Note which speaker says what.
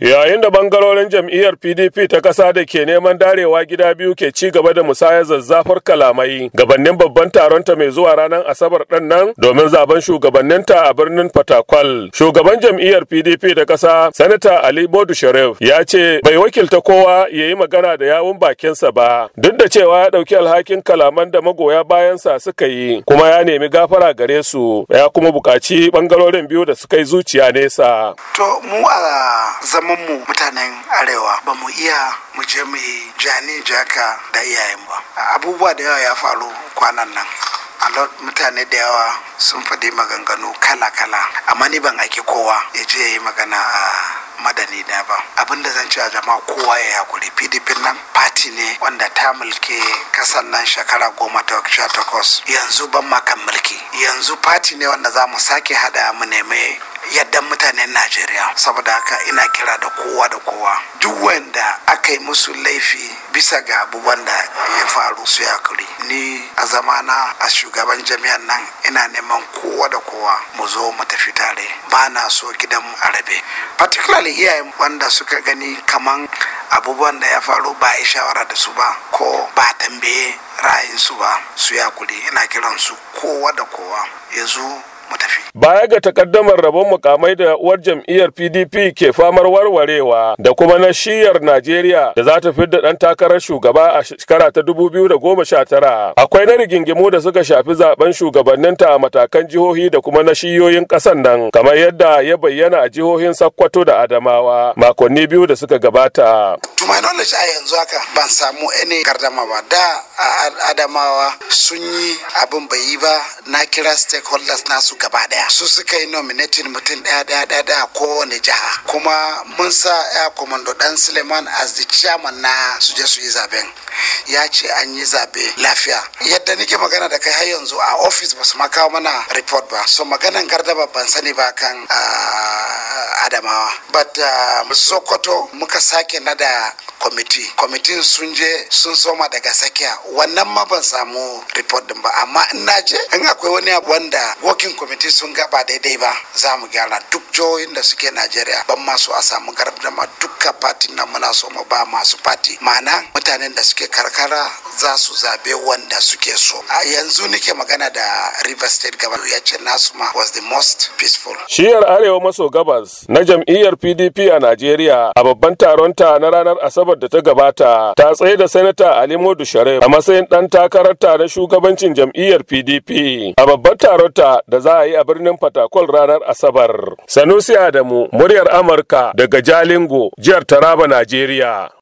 Speaker 1: Yayin da bangarorin jam'iyyar PDP ta ƙasa da ke neman darewa gida biyu ke ci gaba da musayar zazzafar kalamai gabanin babban taronta mai zuwa ranar Asabar ɗin nan domin zaben shugabanninta a birnin Fatakwal. Shugaban jam'iyyar PDP ta ƙasa Sanata Ali Bodu Sharif ya ce bai wakilta kowa ya yi magana da yawun bakinsa ba duk da cewa ya ɗauki alhakin kalaman da magoya bayansa suka yi kuma ya nemi gafara gare su ya kuma bukaci bangarorin biyu da suka yi zuciya nesa.
Speaker 2: zaman mu mutanen arewa ba mu iya mu je mu jani jaka da iyayen ba abubuwa da yawa ya faru kwanan nan a lot mutane da yawa sun faɗi maganganu kala-kala amma ni ban aiki kowa ya je ya yi magana a madani na ba abin da zan ci a jama'a kowa ya hakuri pdp nan party ne wanda ta mulki kasan nan shekara goma ta sha takwas yanzu ban makan mulki yanzu party ne wanda za mu sake hada mu nemi. yaddan mutanen najeriya saboda haka ina kira da kowa da kowa duk wanda aka yi musu laifi bisa ga abubuwan da ya faru su ya kuri ni a zamana a shugaban jami'an nan ina neman kowa da kowa mu zo mu tafi tare ba na so gidan a rabe particularly iyayen wanda suka gani kaman abubuwan da ya faru ba a shawara da su ba ko ba tambaye ra'ayinsu ba su ya kuri ina kiransu kowa da kowa yanzu mu
Speaker 1: tafi baya ga takaddamar rabon mukamai da uwar jam'iyyar pdp ke famar warwarewa da kuma na shiyar najeriya da za ta fidda dan takarar shugaba a shekara ta 2019 akwai na rigingimu da suka shafi zaben shugabanninta a matakan jihohi da kuma na shiyoyin ƙasan nan kamar yadda ya bayyana a jihohin sakkwato da adamawa makonni biyu da suka gabata to
Speaker 2: my a yanzu haka ban samu any gardama ba da adamawa sun yi abin bai yi ba na kira stakeholders nasu gaba daya daya su suka yi nominating mutum ɗaya ɗaya ɗaya ɗaya kowane jiha kuma mun sa ya komando dan suleiman as the chairman na suje je su yi zaben ya ce an yi zabe lafiya yadda nake magana da kai har yanzu a ofis ba su kawo mana report ba so maganan gardaba ban sani ba kan ah, adamawa but ah, sokoto muka sake nada kwamiti kwamitin sun je sun soma daga sakiya wannan ma ban samu report din ba amma ina je in akwai wani abu wanda working committee sun gaba daidai ba za mu gyara duk jihohin da suke najeriya ban ma so a samu gardama duka fatin nan muna so mu ba masu fati ma'ana mutanen da suke karkara za su zabe wanda suke so a yanzu nake magana da river state governor ya ce nasu ma was the most peaceful
Speaker 1: shiyar arewa maso gabas na jam'iyyar pdp a najeriya a babban taron ta na ranar asabar da ta gabata ta tsaye da sanata ali modu sharif a matsayin dan takarar ta na shugabancin jam'iyyar pdp a babban taron ta da za a yi a birnin fatakol ranar asabar Sanusi Adamu, muryar Amurka daga Jalingo, jihar Taraba, Najeriya.